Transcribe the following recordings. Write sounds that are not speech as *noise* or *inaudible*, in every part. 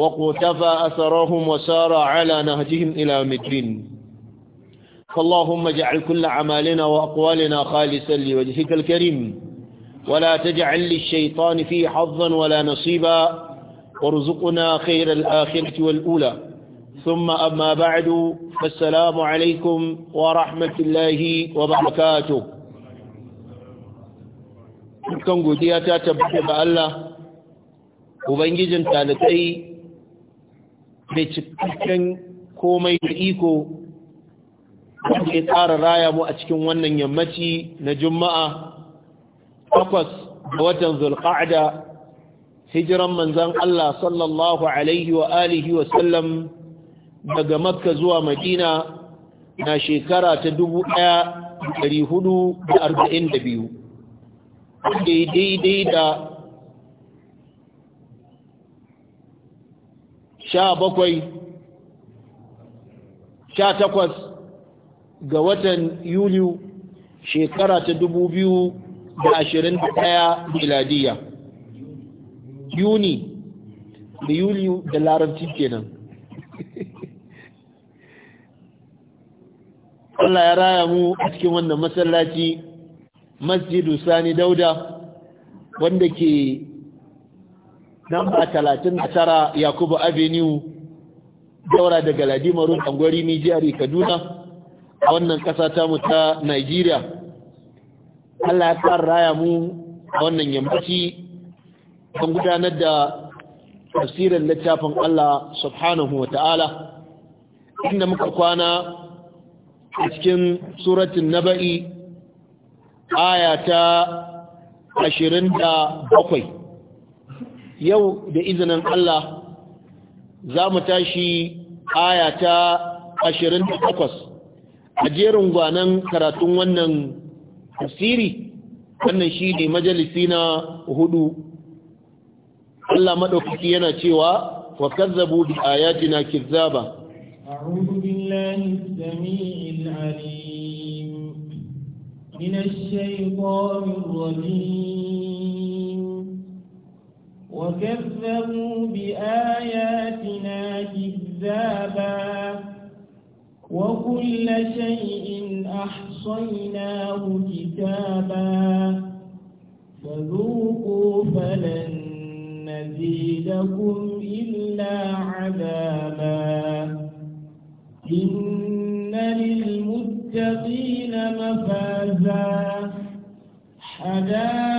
وقتفى أثرهم وسار على نهجهم إلى مدين فاللهم اجعل كل عمالنا وأقوالنا خالصا لوجهك الكريم ولا تجعل للشيطان فيه حظا ولا نصيبا وارزقنا خير الآخرة والأولى ثم أما بعد فالسلام عليكم ورحمة الله وبركاته كنقو دياتا تبقى الله وبنجزم ثالثي Mai cikakken komai da iko wanda ya tsara raya mu a cikin wannan yammaci na juma'a takwas da watan zulqa'da hijiran manzan Allah sallallahu alaihi wa alihi wa sallam daga makka zuwa madina na shekara ta dubu ɗaya da da arba'in da biyu. daidai da sha bakwai sha takwas ga watan yuliyu shekara ta dubu biyu da ashirin da ɗaya miladiya yuni da yuliyu da larabci kenan *laughs* Allah ya raya mu a cikin wannan masallaci masjidu sani dauda wanda ke namba 39 yakubu avenue daura daga ladimarun angwari nijiyari kaduna a wannan ƙasa ta mu ta nigeria allah ya fara raya mu a wannan yammaci don gudanar da tafsirin littafin allah subhanahu wa ta'ala inda muka kwana a cikin suratun naba'i aya ta bakwai. yau da izinin Allah za mu tashi aya ta takwas a jerin gwanan karatun wannan tafsiri wannan shi ne majalisi na hudu Allah maɗaukaki yana cewa wa kazzabu bi ayatina kizzaba أعوذ بالله العليم من الشيطان الرجيم وكذبوا بآياتنا كذابا وكل شيء أحصيناه كتابا فذوقوا فلن نزيدكم إلا عذابا إن للمتقين مفازا حذابا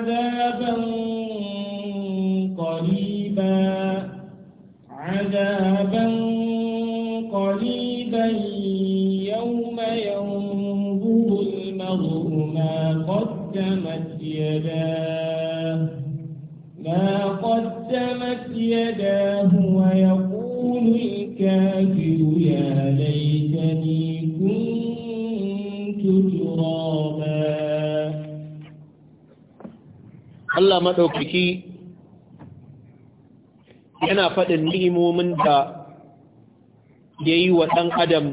عذابا قريبا عذابا قريبا يوم ينظر المرء ما قدمت يداه yana faɗin ni'imomin da ya yi wa ɗan adam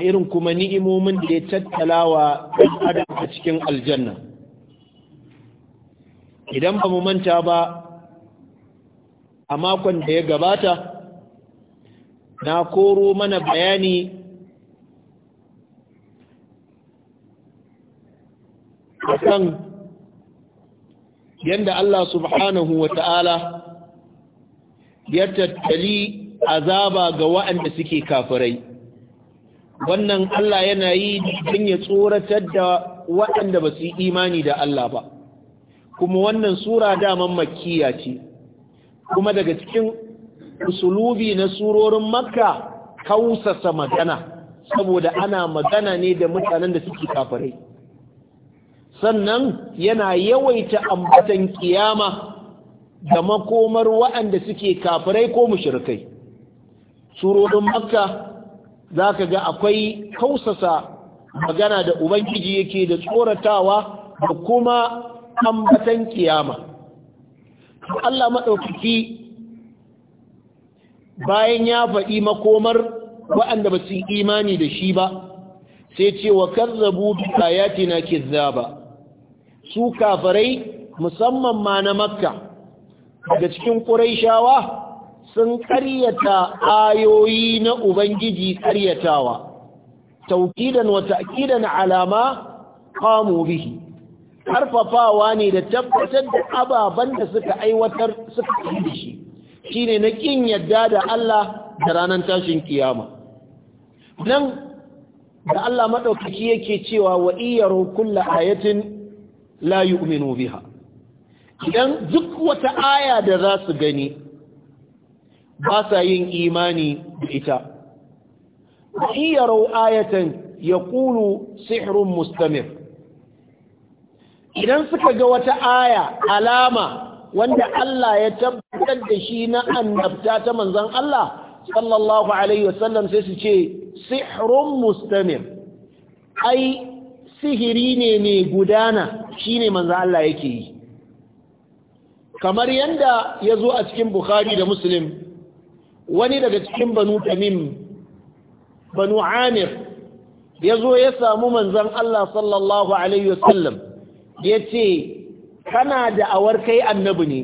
irin kuma ni'imomin da ya tattala wa ɗan adam a cikin aljanna idan ba mu manta ba a makon da ya gabata na koro mana bayani a kan yanda Allah subhanahu wa ta'ala ya tattali azaba ga wa'anda suke kafirai wannan Allah yana yi don ya tsoratar da waɗanda ba su yi imani da Allah ba kuma wannan sura daman mamakiya ce kuma daga cikin usulubi na surorin makka kausasa magana saboda ana magana ne da mutanen da suke kafirai sannan yana yawaita ambatan kiyama da makomar wa'anda suke kafirai ko mushrikai surorin makka za ka ga akwai kausasa magana da ubangiji yake da tsoratawa da kuma ambatan kiyama Allah maɗaukaki bayan ya faɗi makomar waɗanda ba su imani da shi ba sai ce wa karzabu na ayatina kizzaba su kafirai musamman ma na makka daga cikin ƙuraishawa sun ƙaryata ayoyi na ubangiji ƙaryatawa taukidan wa ta'kidan alama qamu bihi Ƙarfafawa ne da tabbatar da ababen da suka aiwatar suka yi shi shine na kin yadda da Allah da ranar tashin kiyama nan da Allah madaukaki yake cewa wa iyaru kullu ayatin la yu'minu biha idan duk wata aya da za su gani ba sa yin imani da ita wa iya rau ayatan ya kulu sihirun mustamir idan suka ga wata aya alama wanda Allah ya tabbatar da shi na annabta ta manzan Allah sallallahu alaihi wasallam sai su ce sihirin mustamir ai sihiri ne mai gudana shine manzo Allah yake yi kamar yadda ya zo a cikin Bukhari da Muslim wani daga cikin Banu Tamim Banu Amir ya zo ya samu manzan Allah sallallahu alaihi wasallam yace kana da awar kai annabi ne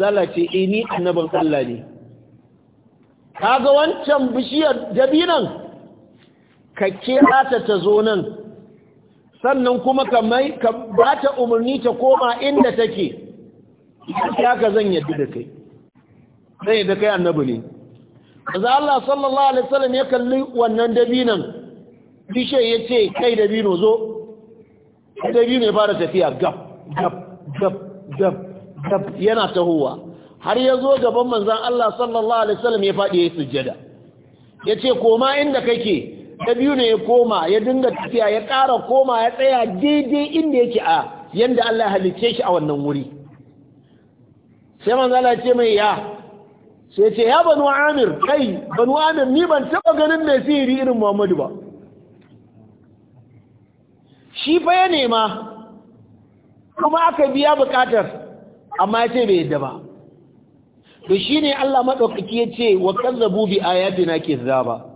lalace ini eh, annabin Allah ne kaga wancan bishiyar dabinan ka kira ta ta zo nan sannan kuma ka mai ka ba ta umarni ta koma inda take ya ka zan yadda da kai zan da kai annabi ne maza Allah sallallahu alaihi wasallam ya kalli wannan dabinan bishe ya ce kai dabino zo dabino ya fara tafiya gab gab gab gab gab yana tahowa har ya zo gaban manzan Allah sallallahu alaihi wasallam ya faɗi ya sujjada ya ce koma inda kake na biyu ne ya koma ya dinga tafiya ya ƙara koma ya tsaya daidai inda yake a yanda Allah halicce shi a wannan wuri sai manzala ce mai ya sai ce ya banu amir kai banu amir ni ban taɓa ganin mai sihiri irin muhammadu ba shi fa ya nema kuma aka biya buƙatar, amma ya ce bai yadda ba To shi ne Allah maɗaukaki ya ce wa kazzabu bi ayatina kizaba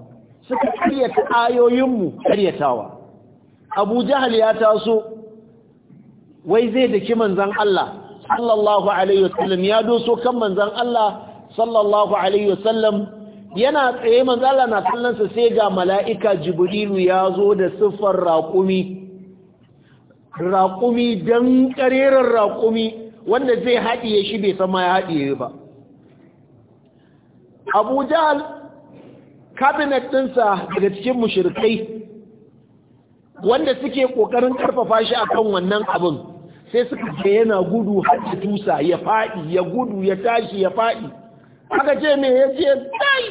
suka karyata ayoyinmu karyatawa abu jahal ya taso wai zai daki manzan Allah sallallahu alaihi wasallam ya doso kan manzan Allah sallallahu alaihi wasallam yana tsaye manzan Allah na kallonsa sai ga mala'ika jibrilu ya zo da siffar raƙumi raƙumi don ƙarerar raƙumi wanda zai haɗiye shi bai sama ya haɗiye ba abu jahal cabinet ɗinsa daga cikin mushirikai wanda suke ƙoƙarin ƙarfafa shi a kan wannan abin sai suka ce yana gudu har ya tusa ya faɗi ya gudu ya tashi ya faɗi aka ce me ya ce dai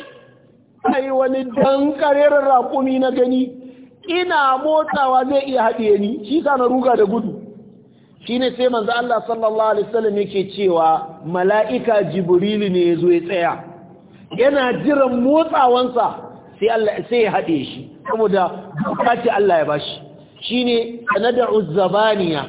ai wani dan karerar raƙumi na gani ina motsawa zai iya haɗe ni shi sa na ruga da gudu shi ne sai manzo Allah sallallahu alaihi wasallam yake cewa mala'ika jibrilu ne ya zo ya tsaya yana jiran motsawansa sai Allah sai ya hade shi saboda kace Allah ya bashi shine sanad'u zabaniya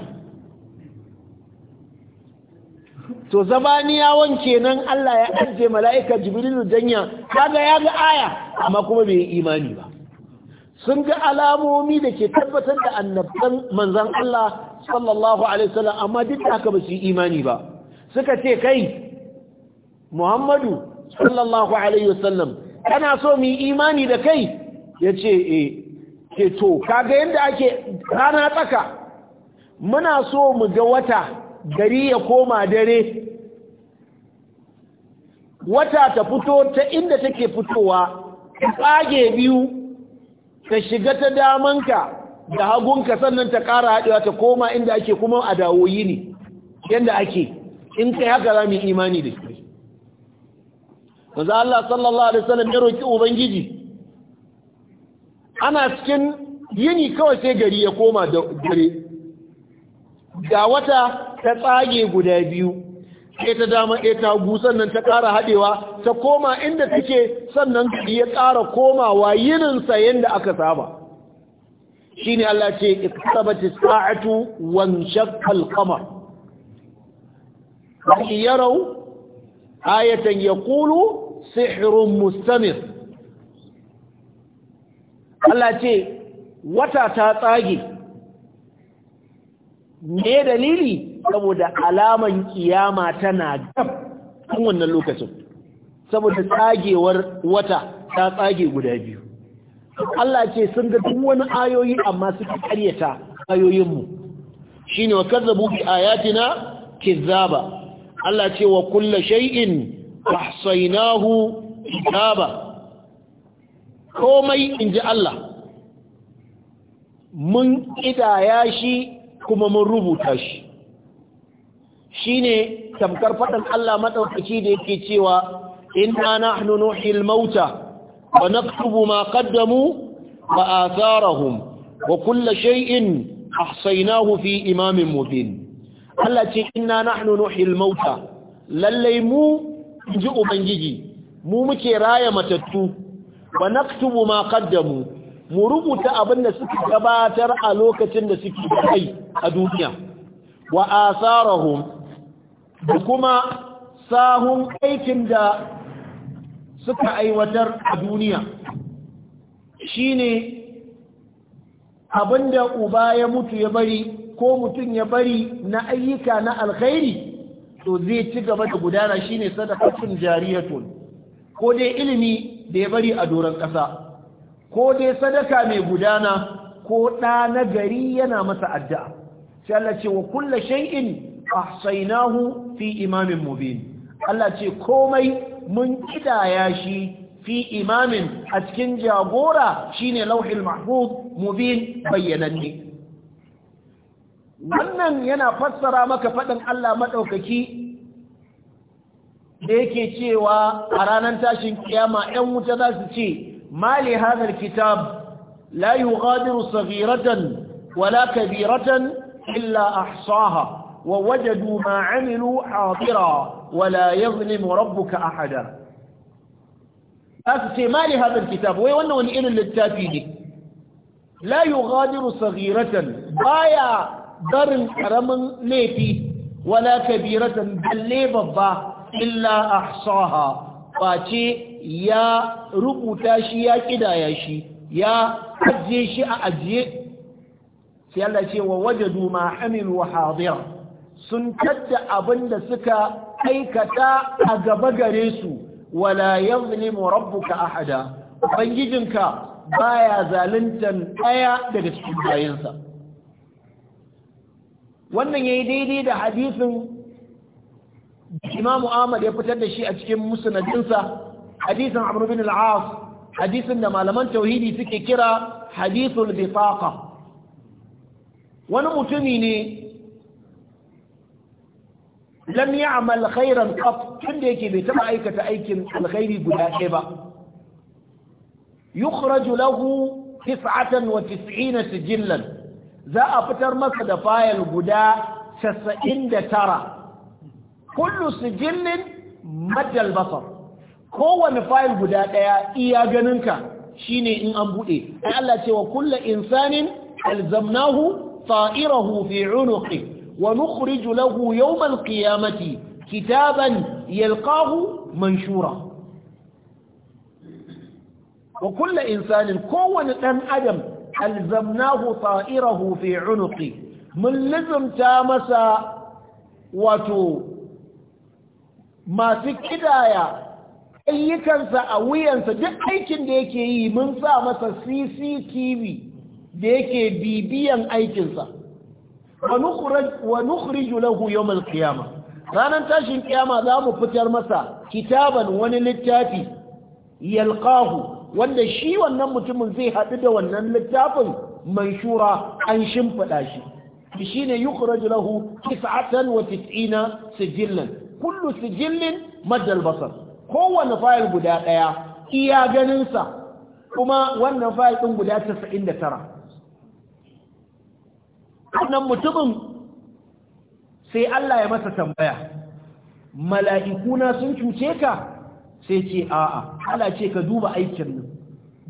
to zabaniya wanke nan Allah ya aje mala'ika jibrilu janya kaga ya ga aya amma kuma bai imani ba sun ga alamomi da ke tabbatar da annabtan manzan Allah sallallahu alaihi wasallam amma duk haka ba su imani ba suka ce kai Muhammadu sallallahu alaihi wasallam kana so mu imani da kai yace eh ke to kaga yanda ake rana tsaka muna so mu ga wata gari ya koma dare wata ta fito ta inda take fitowa tsage biyu ta shiga ta damanka da hagunka sannan ta ƙara haɗewa ta koma inda ake kuma adawoyi ne yadda ake in kai haka za mu imani da shi manzo Allah sallallahu alaihi wasallam ya roki ubangiji ana cikin yini kawai sai gari ya koma da dare ga wata ta tsage guda biyu sai ta dama ɗaya ta gu sannan ta ƙara haɗewa ta koma inda take sannan ya ƙara komawa yininsa yadda aka saba shi Allah ce iktabati sa'atu wan shaqqal qamar yarau ayatan kulu, sihrun mustamir Allah ce wata ta tsage me dalili saboda alaman kiyama tana gab kan wannan lokacin saboda tsagewar wata ta tsage guda biyu Allah ce sun ga duk wani ayoyi amma suka karyata ayoyinmu shine wa kazzabu bi ayatina kizzaba Allah ce wa shai'in shay'in ahsaynahu kitaba komai inji Allah mun kidaya shi kuma mun rubuta shi shine tamkar fadan Allah madaukaki da yake cewa inna nahnu nuhil mauta wa naktubu ma qaddamu wa atharahum wa kulle shay'in ahsaynahu fi imamin mubin Allah ce inna nahnu nuhil mauta lallai mu ji ubangiji mu muke raya matattu wa naktubu ma qaddamu mu rubuta abinda da gabatar a lokacin da suke kai a duniya wa asarahum da kuma sahun aikin da suka aiwatar a duniya shine abinda uba ya mutu ya bari ko mutum ya bari na ayyuka na alkhairi to zai ci gaba da gudana shine sadaqatun jariyatun ko dai ilimi da ya bari a doron ƙasa ko dai sadaka mai gudana ko ɗa na gari yana masa addu'a sai Allah ce wa kullu shay'in ahsaynahu fi imamin mubin Allah ce komai mun kidaya shi fi imamin a cikin jagora shine lauhil mahfuz mubin bayyananne wannan yana fassara maka faɗin Allah maɗaukaki da yake cewa a ranar tashin kiyama 'yan wuta za su ce mali hazar kitab la yi yughadiru saghiratan wala kabiratan illa ahsaha wa wajadu ma a hadira wala yazlimu rabbuka ahada za su ce mali hazar kitab wai wannan wani irin littafi ne la yi yughadiru saghiratan baya barin karamin laifi wala kabiratan balle babba illa ahsaha face ya rubuta shi ya kidaya shi ya ajiye shi a ajiye sai Allah ce wa wajadu ma amilu sun tadda abin da suka aikata a gaba gare su wala yazlimu rabbuka ahada bangijinka baya zaluntan daya daga cikin bayansa wannan yayi daidai da hadisin Imam Ahmad ya fitar da shi a cikin musnadinsa hadisin Amr bin al-As hadisin da malaman tauhidi suke kira hadisul bitaqa wani mutumi ne lam ya'mal khairan qat tunda yake bai taba aikata aikin alkhairi guda ɗaya ba yukhraju lahu 99 sijillan za a fitar masa da fayil guda 99 kullu sijillin majal basar kowane fayil guda ɗaya, iya ganinka shine in an buɗe. ai Allah ce wa kullu insanin alzamnahu fa'irahu fi 'unuqi wa nukhriju lahu yawm alqiyamati kitaban yalqahu manshura wa kulla insanin kowane ɗan adam alzamnahu ta'irahu fi unuqi mun lizumta masa wato masu kidaya ayyukansa a wuyansa duk aikin da yake yi mun sa masa CCTV da yake bibiyan aikinsa wa nukhriju lahu yawmal qiyamah ranar tashin kiyama za mu fitar masa kitaban wani littafi yalqahu wanda shi wannan mutumin zai haɗu da wannan littafin manshura an shimfiɗa shi shi ne yukhraj lahu tis'atan wa tis'ina sijillan kullu sijillin maddal kowane kowanne fayil guda ɗaya iya ganinsa kuma wannan fayil ɗin guda 99 wannan mutumin sai Allah ya masa tambaya mala'ikuna sun cuce ka sai ce a'a Allah ce ka duba aikin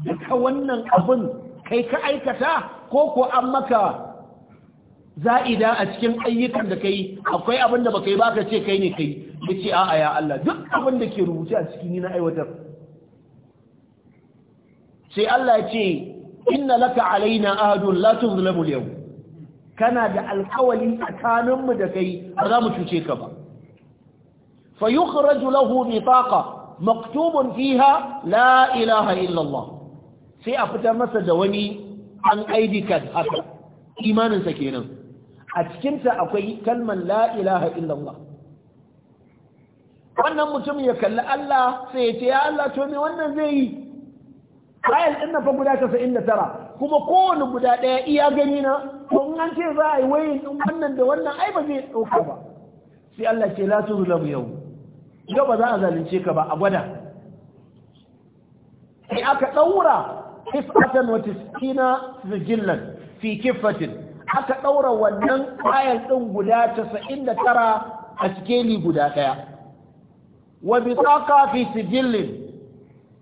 duka wannan abin kai ka aikata ko ko an maka za'ida a cikin ayyukan da kai akwai abin da baka yi baka ce kai ne kai yace a'a ya Allah duk abin da ke rubuce a cikin ni na aiwatar sai Allah ya ce inna laka alaina ahadun la tuzlamu al-yawm kana da alkawali tsakanin mu da kai ba za mu cuce ka ba fa yukhraju lahu bitaqa maktubun fiha la ilaha illa Allah sai a fitar masa da wani an ID card haka imaninsa kenan a cikinta akwai kalman la ilaha illallah wannan mutum ya kalli Allah sai ya ce ya Allah to me wannan zai yi ayal din nan fa guda 99 kuma kowane guda daya iya gani na to in an ce za a yi wayin din wannan da wannan ai ba zai dauka ba sai Allah ce la tuzlamu yau yau ba za a zalunce ka ba a gwada sai aka daura tis'atan wa tis'ina sijillan fi kiffatin, aka ɗaura wannan ayar ɗin guda casa'in da tara a sikeli guda ɗaya wa bitaka fi sijillin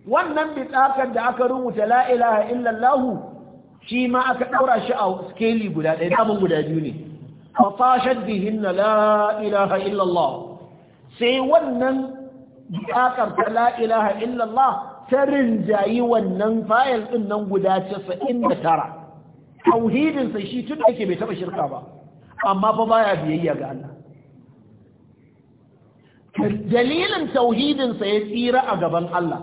wannan bitakan da aka rubuta la ilaha illallah shi ma aka ɗaura shi a sikeli guda ɗaya damun guda biyu ne fa tashad bihin la ilaha illallah sai wannan bitakar ta la ilaha illallah ta rinjayi wannan fayil ɗin nan guda casa'in da tara tauhidinsa shi tun ake bai taɓa shirka ba amma ba baya biyayya ga Allah dalilin tauhidinsa ya tsira a gaban Allah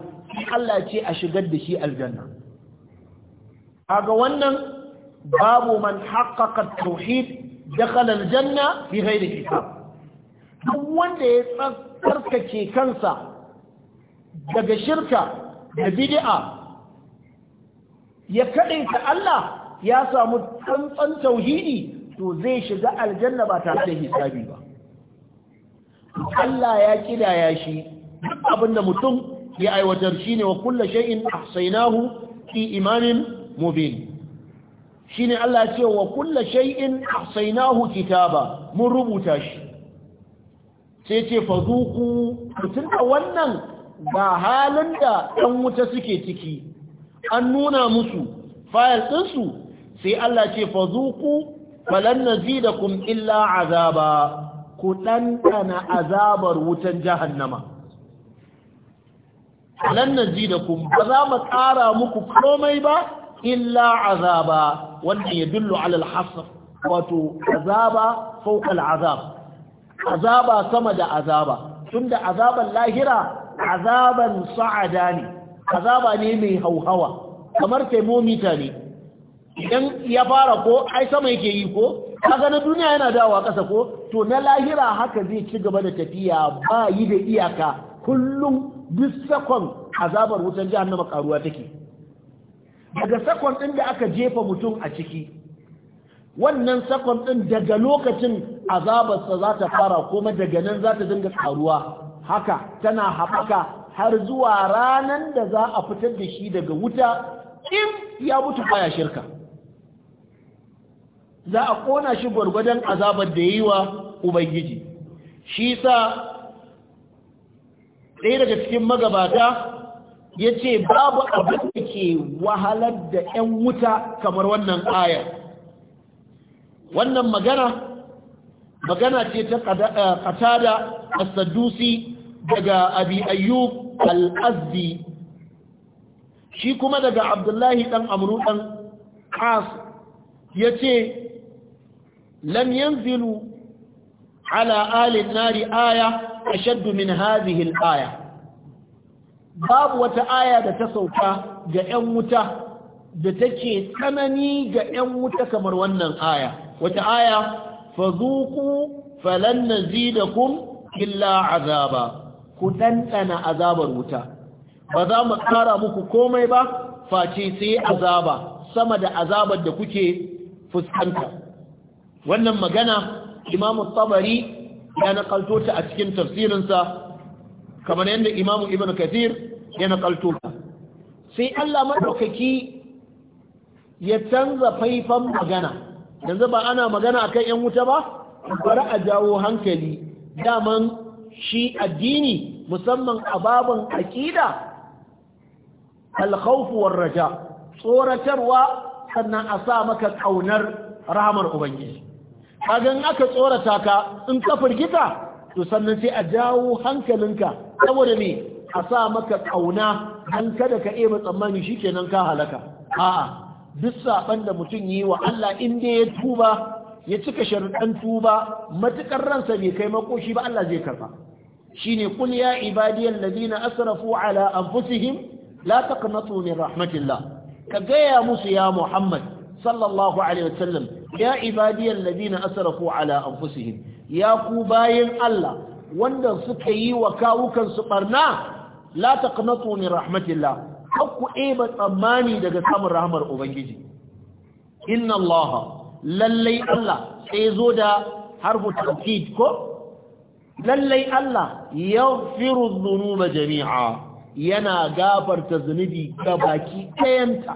Allah ce a shigar da shi aljanna ga wannan babu man haƙaƙa tauhid dakhala aljanna fi ghairi hisab duk wanda ya tsarkake kansa daga shirka da bid'a ya kaɗaita Allah ya samu tsantsan tauhidi to zai shiga aljanna ba tare da hisabi ba Allah ya kidaya shi duk abinda mutum ya aiwatar shine wa kullu shay'in ahsaynahu fi imamin mubin shine Allah ya ce wa kullu shay'in ahsaynahu kitaba mun rubuta shi sai ce fazuku tun da wannan Ba halin da ɗan wuta suke ciki an nuna musu fayil ɗinsu sai Allah ce fa zuku falan kun illa azaba ku ɗanɗana azabar wutan jahannama falan kun ba za mu ƙara muku komai ba illa azaba wannan ya dullu alal hasr wato azaba fawqa azab azaba sama da azaba tunda azaban lahira azaban sa'ada ne azaba ne mai hauhawa kamar thermometer ne idan ya fara ko ai sama yake yi ko kaga na duniya yana dawowa ƙasa ko to na lahira haka zai ci gaba da tafiya ba yi da iyaka kullum duk sakon azabar wutar jahannama karuwa take daga sakon ɗin da aka jefa mutum a ciki wannan sakon ɗin daga lokacin azabarsa za ta fara kuma daga nan za ta dinga karuwa haka tana haɓaka har zuwa ranan da za a fitar da shi daga wuta in ya mutu baya shirka za a ƙona shi gwargwadon azabar da yi wa ubangiji shi sa ɗaya daga cikin magabata ya ce babu abin da ke wahalar da 'yan wuta kamar wannan ayar wannan magana magana ce ta katada a sadusi daga abi ayyub al shi kuma daga abdullahi dan amru dan qas yace lam yanzilu ala ahli an-nari aya ashaddu min hadhihi al-aya babu wata aya da ta sauka ga 'yan wuta da take tsanani ga 'yan wuta kamar wannan aya wata aya fazuku falan nazidakum illa azaba ku ɗanɗana azabar wuta ba za mu ƙara muku komai ba face sai azaba sama da azabar da kuke fuskanta wannan magana imamu tsabari ya nakalto ta a cikin tafsirinsa kamar yadda imamu ibn kathir ya nakalto ta sai allah maɗaukaki ya canza faifan magana yanzu ba ana magana akan 'yan wuta ba bari a jawo hankali daman shi addini musamman a babin aƙida alkhawfu raja tsoratarwa sannan a sa maka ƙaunar rahmar ubangiji kagan aka tsorata ka in ka firgita to sannan sai a jawo hankalinka saboda me a sa maka ƙauna, an kada ka eba tsammani kenan ka halaka a'a duk saɓan da mutum yi wa Allah in dai ya tuba ya cika sharuɗan tuba matukar ransa bai kai makoshi ba Allah zai karba shine qul ya ibadiyal ladina asrafu ala anfusihim la taqnatu min rahmatillah ka gaya musu ya Muhammad sallallahu alaihi wasallam ya ibadiyal ladina asrafu ala anfusihim ya ku bayin Allah wanda suka yi wa kawukan su barna la taqnatu min rahmatillah hakku eba tsammani daga samun rahmar ubangiji inna allaha lallai Allah sai zo da harfu tawkid ko lallai Allah ya yaghfiru dhunuba jami'a yana gafarta zunubi ga baki ɗayanta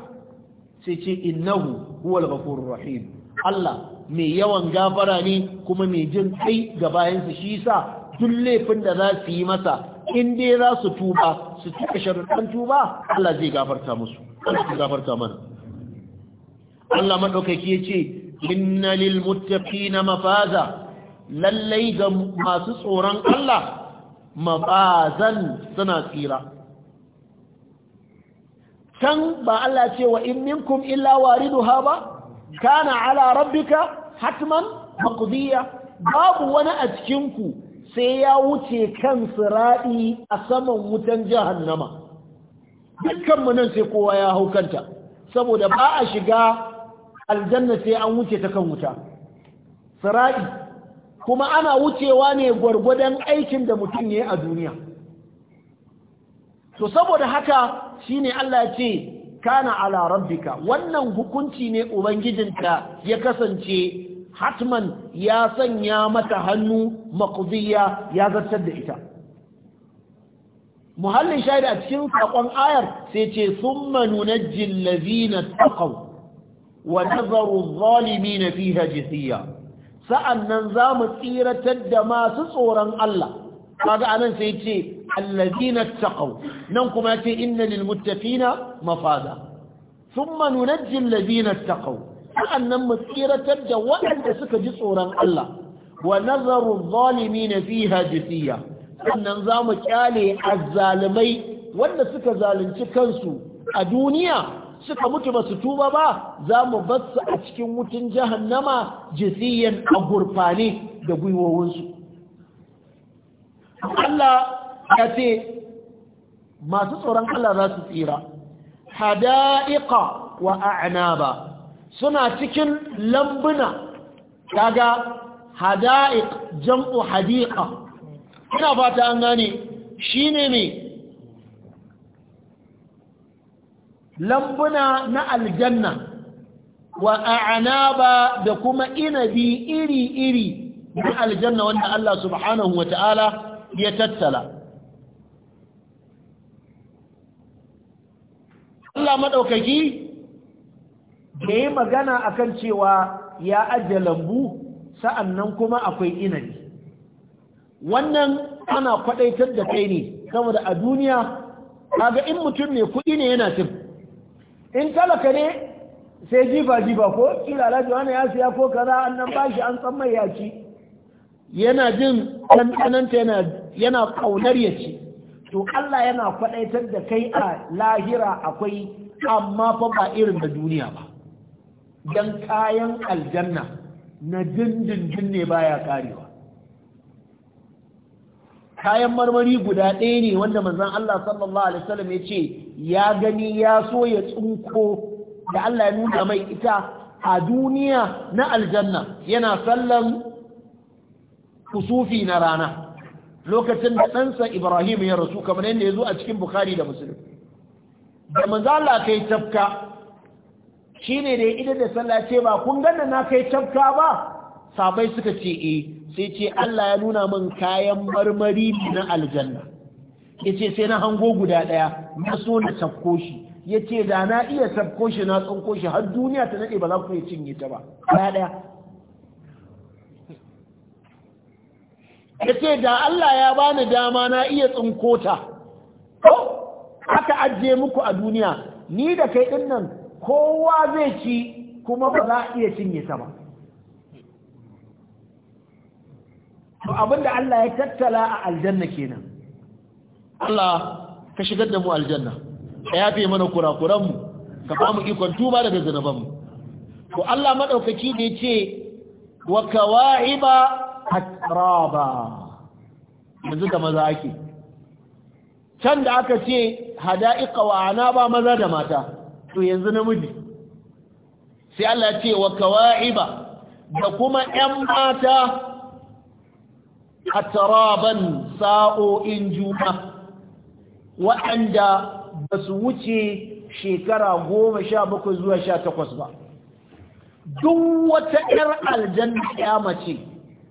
sai ce innahu huwal ghafurur rahim Allah mai yawan gafara ne kuma mai jin kai ga bayansa shi sa duk laifin da za su yi masa in dai za su tuba su cika sharuɗan tuba Allah zai gafarta musu Allah gafarta mana Allah madaukaki ce. inna lil muttaqina mafaza lallai ga masu tsoron Allah mafazan suna tsira can ba Allah ce wa in minkum illa wariduha ba kana ala rabbika hatman maqdiya babu wani a cikin ku sai ya wuce kan siradi a saman wutan jahannama dukkan mu nan sai kowa ya haukanta saboda ba a shiga aljanna sai an wuce ta kan wuta sira'i kuma ana wucewa ne gwargwadon aikin da mutum ya yi a duniya to saboda haka shine Allah ce kana ala rabbika wannan hukunci ne ubangijinta ya kasance hatman ya sanya mata hannu maqdiya ya zartar da ita muhallin shaida a cikin sakon ayar sai ce summa nunajjil ta taqaw wa nazaru zalimin fiha jithiya sa'annan zamu tsiratar da masu tsoron Allah kaga anan sai ce alladina taqaw nan kuma yace inna lil muttaqina mafada thumma nunajji alladina taqaw sa'annan mu tsiratar da waɗanda suka ji tsoron Allah wa nazaru zalimin fiha jithiya sannan zamu kyale azzalimai wanda suka zalunci kansu a duniya suka mutu ba su tuba ba za mu basu a cikin wutun jahannama jisiyan a gurfane da gwiwowinsu Allah ya ce masu tsoron Allah za su tsira hada'iqa wa a'naba suna cikin lambuna kaga hada'iq jam'u hadiqa ina fata an gane shine me lambuna na aljanna wa ba da kuma inabi iri-iri na aljanna wanda Allah subhanahu wa ta'ala ya tattala Allah maɗaukaki da yi magana akan cewa ya ajiye lambu sa'annan kuma akwai inabi wannan ana kwaɗaitar da kai ne saboda a duniya kaga in mutum ne kuɗi ne yana tafi in talaka ne sai jifa jifa ko kila wani ya siya ko kaza an nan bashi an san mai ya ci yana jin ɗanɗananta yana ƙaunar ya ci to Allah yana kwaɗaitar da kai a lahira akwai amma fa ba irin da duniya ba don kayan aljanna na dindindin ne baya karewa kayan marmari guda ɗaya ne wanda manzon Allah sallallahu alaihi wasallam ya ce ya gani ya so ya tsunko da Allah ya nuna mai ita a duniya na aljanna yana sallan kusufi na rana lokacin da ɗansa Ibrahim ya rasu kamar yadda ya zo a cikin Bukhari da Muslim da manzo Allah kai tafka shine da idan da sallah ce ba kun ganna na kai tafka ba sabai suka ce eh sai ce Allah ya nuna min kayan marmari na aljanna ya ce sai na hango guda ɗaya na so na sabko shi ya ce da na iya sabko shi na tsanko shi har duniya ta naɗe ba za ku iya cinye ta ba ya ɗaya ya ce da Allah ya bani dama na iya tsinko ta Ko aka ajiye muku a duniya ni da kai ɗin nan kowa zai ci kuma ba za a iya cinye ta ba to abinda Allah ya tattala a aljanna kenan Allah ka shigar da mu aljanna ka yafe mana kurakuran mu ka famu ikon tuba daga zanuban mu to Allah madaukaki ne ce wa kawa'iba atraba yanzu da maza ake can da aka ce hada'iqa wa anaba maza da mata to yanzu namiji sai Allah ya ce wa kawa'iba da kuma ƴan mata ataraban sa'o'in juna waɗanda ba su wuce shekara goma sha bakwai zuwa sha takwas ba duk wata 'yar aljanna ya mace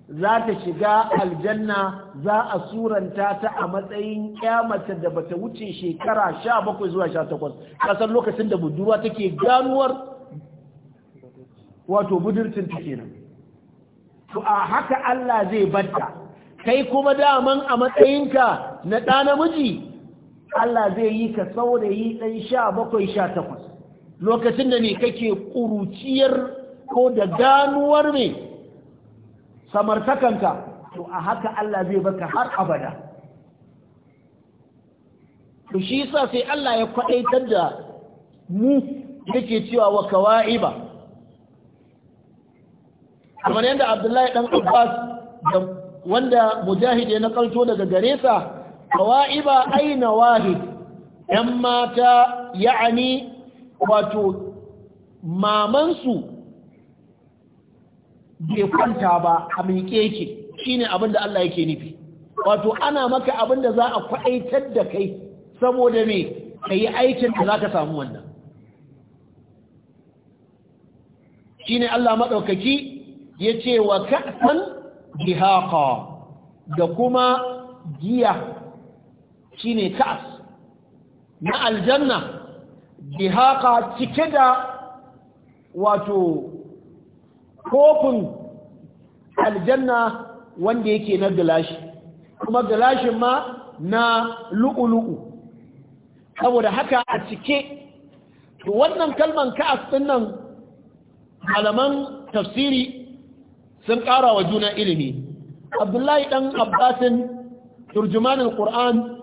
za ta shiga aljanna za a suranta ta a matsayin kyamata da bata wuce shekara sha bakwai zuwa sha takwas kasar lokacin da budurwa take ganuwar wato budurcin ta kenan to a haka Allah zai batta kai kuma daman a matsayinka na ɗa namiji Allah zai yi ka saurayi ɗan sha bakwai sha takwas lokacin da ne kake ƙuruciyar ko da ganuwar ne samartakanka to a haka Allah zai baka har abada to shi yasa sai Allah ya kwaɗaitar da mu yake cewa wa kawa'iba kamar yadda Abdullahi ɗan Abbas da wanda mujahid ya nakalto daga gare sa kawaiba aina wahid yan mata ya'ani wato mamansu bai kwanta ba a miƙe ki shine abin da Allah yake nufi wato ana maka abin da za a kwaitar da kai saboda me ka aikin da za samu wannan shine Allah maɗaukaki yace wa ka'san dihaqa da kuma giya shine ka'as na aljanna dihaqa cike da wato kofin aljanna wanda yake na gilashi kuma gilashin ma na lu'ulu'u saboda haka a cike wannan kalman ka'as ɗinnan nan malaman tafsiri sun ƙara wa juna ilimi abdullahi ɗan abbasin turjumanin ƙur'an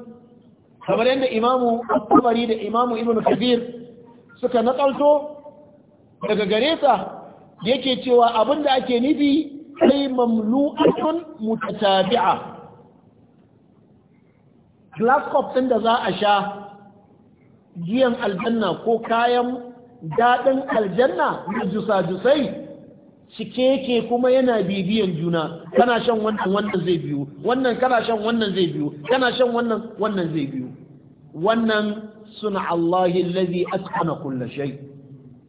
kamar yadda imamu al-tabari da imamu ibn kabir suka naƙalto daga gare sa yake cewa abinda ake nufi sai mamlu'atun mutatabi'a Glasgow ɗin ɗin da za a sha giyan aljanna ko kayan daɗin aljanna na jusa-jusai cike yake kuma yana bibiyan juna kana shan wannan wannan zai biyu wannan kana shan wannan zai biyu kana shan wannan wannan zai biyu wannan suna Allahi allazi atqana kulla shai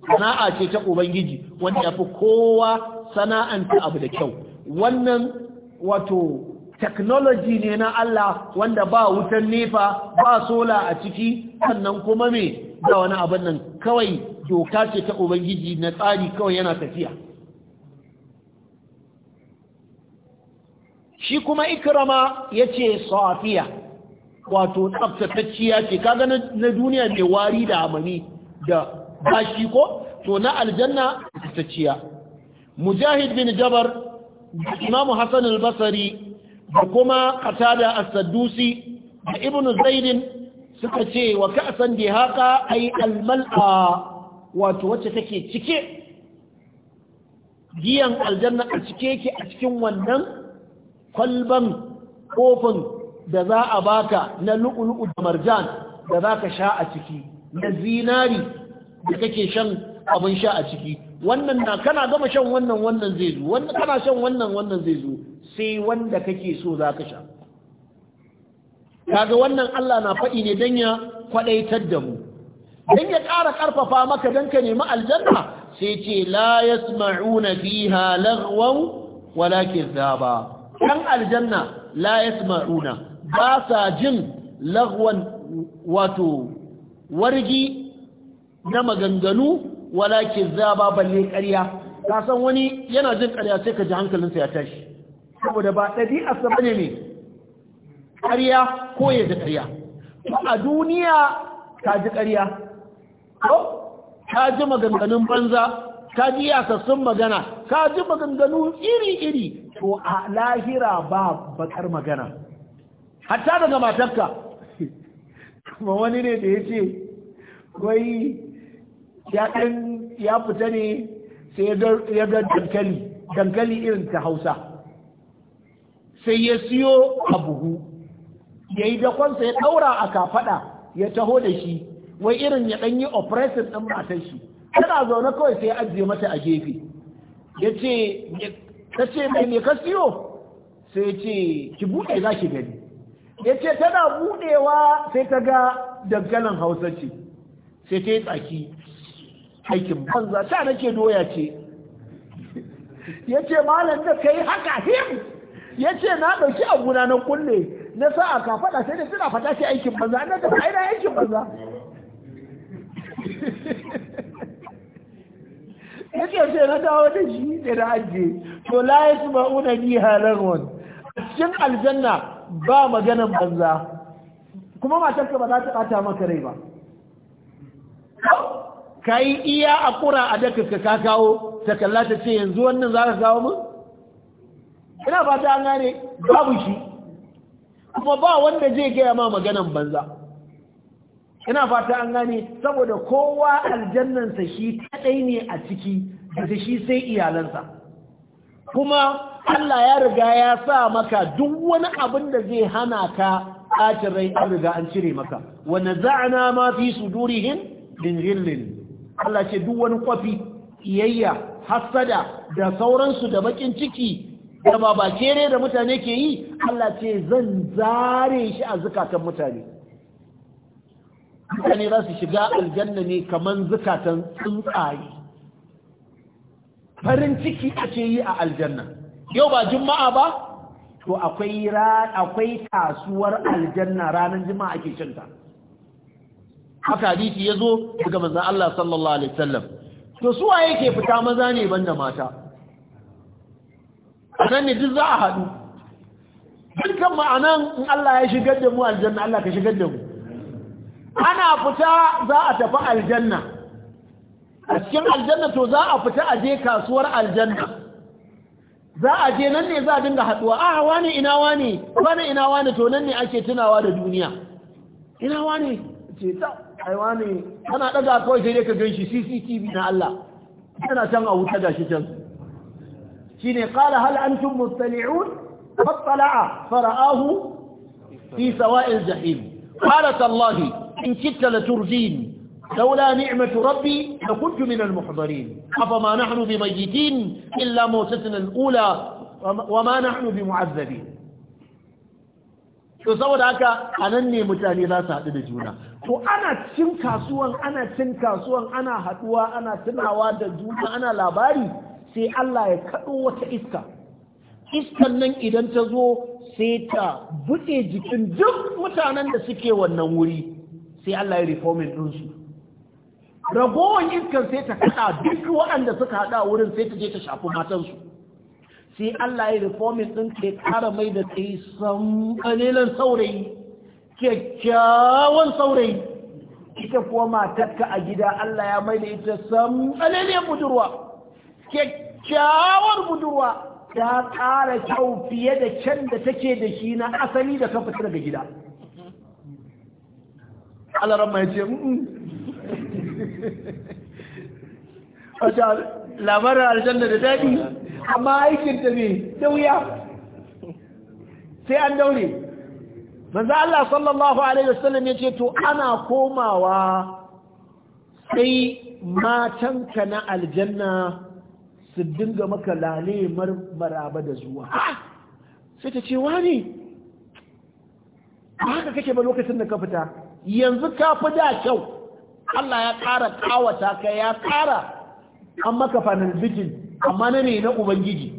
sana'a ce ta ubangiji wanda fi kowa sana'anta abu da kyau wannan wato technology ne na Allah wanda ba wutan nefa ba sola a ciki sannan kuma me da wani abin nan kawai doka ce ta ubangiji na tsari kawai yana tafiya shi kuma ikrama ce safiya wato tsaftatacciya ce kaga na duniya mai wari da amani da bashi ko to na aljanna tsaftatacciya mujahid bin jabar imamu Hassan al da kuma qatada as Sadusi, da ibnu zaidin suka ce wa ka'san dihaqa ay al-mal'a wato wacce take cike giyan aljanna a cike yake a cikin wannan kwalban kofin da za a baka na lu'ulu'u da marjan da za ka sha a ciki na zinari da kake shan abin sha a ciki wannan na kana gama shan wannan wannan zai zo wannan kana shan wannan wannan zai zo sai wanda kake so za ka sha kaga wannan Allah na faɗi ne dan ya kwadaitar da mu dan ya ƙara ƙarfafa maka dan ka nemi aljanna sai ce la yasma'una fiha laghwan wala kizaba ɗan aljanna la yasma'una ba sa jin lagwan wato wargi na maganganu wala ke zaba balle ƙarya ka san wani yana jin ƙarya sai ka ji hankalinsa ya tashi saboda ba a sama ne ƙarya ko ya ji ƙarya a duniya ka ji ƙarya Ko ka ji maganganun banza ka ji yasassun magana ka ji maganganu iri-iri to a lahira ba bakar magana hatta daga matarka kuma wani ne da ya ce wai ya fita ne sai ya ga dankali dankali irin ta hausa sai ya siyo a buhu ya yi dakonsa ya ɗaura a kafaɗa ya taho da shi wai irin ya ɗanyi oppressive ɗin matar shi tana zaune kawai sai ajiye mata a gefe ya ce ta ce mai ne ka siyo sai ce ki buɗe za ki gani ya ce tana buɗewa sai ta ga dankalin hausa ce sai ta yi tsaki aikin banza ta nake doya ce ya ce malam da ka yi haka him ya ce na ɗauki abuna na kulle na sa a kafaɗa sai da suna fata shi aikin banza nan da aina aikin banza yake sai na dawo da shi da na ajiye to la ya su ma'una cikin aljanna ba maganan banza kuma ka ba za ta bata maka rai ba ka iya akura a daka ka ka kawo ta kalla ta ce yanzu wannan za ka kawo mu ina fata an gane babu shi kuma ba wanda zai gaya ma maganan banza ina fata an gane saboda kowa aljannansa shi kadai ne a ciki da shi sai iyalansa kuma Allah ya riga ya sa maka duk wani abin da zai hana ka ɓacin rai an riga an cire maka wa naza'na ma fi in, min ghillin Allah ce duk wani kwafi iyayya hasada da sauransu da bakin ciki da kere da mutane ke yi Allah ce zan zare shi a zukatan mutane mutane za su shiga aljanna ne kamar zukatan tsuntsaye farin ciki ake yi a aljanna yau ba juma'a ba to akwai akwai kasuwar aljanna ranar juma'a ake cinta haka hadisi ya zo daga manzon Allah sallallahu alaihi wasallam to su waye ke fita maza ne banda mata anan ne duk za a haɗu dukkan ma'anan in Allah ya shigar da mu aljanna Allah ka shigar da mu ana fita za a tafi aljanna a cikin aljanna to za a fita a je kasuwar aljanna za a je nan ne za a dinga haduwa a ah, wani ina wani wani ina wani to nan ne ake tunawa da duniya ina wani ce ta ai wani ana daga kawai sai dai ka ganshi CCTV na Allah yana can a wuta gashi can ne qala hal antum muttali'un fattala'a fara'ahu fi sawa'il jahim qala tallahi in شئت لترجين لولا نعمة ربي لكنت من المحضرين أفما نحن بميتين إلا موتتنا الأولى وما نحن بمعذبين to saboda haka a nan ne mutane za su haɗu da juna to ana cin kasuwan ana cin kasuwan ana haɗuwa ana tunawa da juna ana labari sai Allah ya kaɗo wata iska iskan nan idan ta zo sai ta buɗe jikin duk mutanen da suke wannan wuri sai Allah ya reformin ɗinsu ragowar iskar sai ta kaɗa duk waɗanda suka haɗa wurin sai ta je ta shafi matansu sai Allah ya reformin ɗin ke ƙara mai da ta yi sanƙanilan saurayi kyakkyawan saurayi ita kuwa matarka a gida Allah ya mai da ita sanƙanilan budurwa kyakkyawar budurwa ta ƙara kyau fiye da can da take da shi na asali da ka fita daga gida alaran mai ce wata labarin aljanna da daɗi amma aikinta ne da wuya sai an daure manzo Allah sallallahu alaihi wasallam ya ce to ana komawa sai matanka na aljanna su dinga maka lale maraba da zuwa sai ta ce wani haka kake ba lokacin da ka fita yanzu ka fi da kyau Allah ya ƙara ƙawata ka ya ƙara an maka fanalbitin amma na ne na ubangiji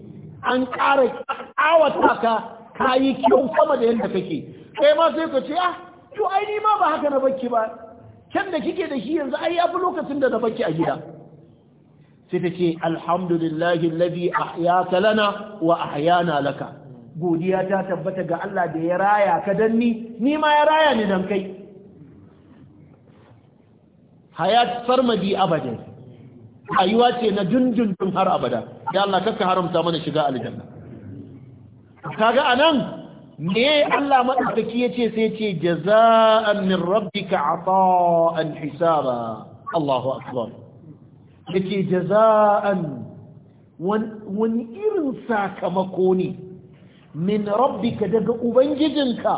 an ƙara ƙawata ka ka yi kyau sama da yadda kake kai ma sai ka ce ah to ai ni ma ba haka na bakki ba can da kike da shi yanzu ai ya fi lokacin da na bakki a gida sai ta ce alhamdulillahi alladhi ahyaka lana wa ahyana laka godiya ta tabbata ga Allah da ya raya ka dan ni ni ma ya raya ni dan kai hayat sarmadi abadan rayuwa ce na dundundun har abada ya Allah kaka haramta mana shiga aljanna kaga anan me Allah madaukaki yace sai yace jaza'an min rabbika ata'an hisaba Allahu akbar yace jaza'an wani irin sakamako ne min rabbika daga ubangijinka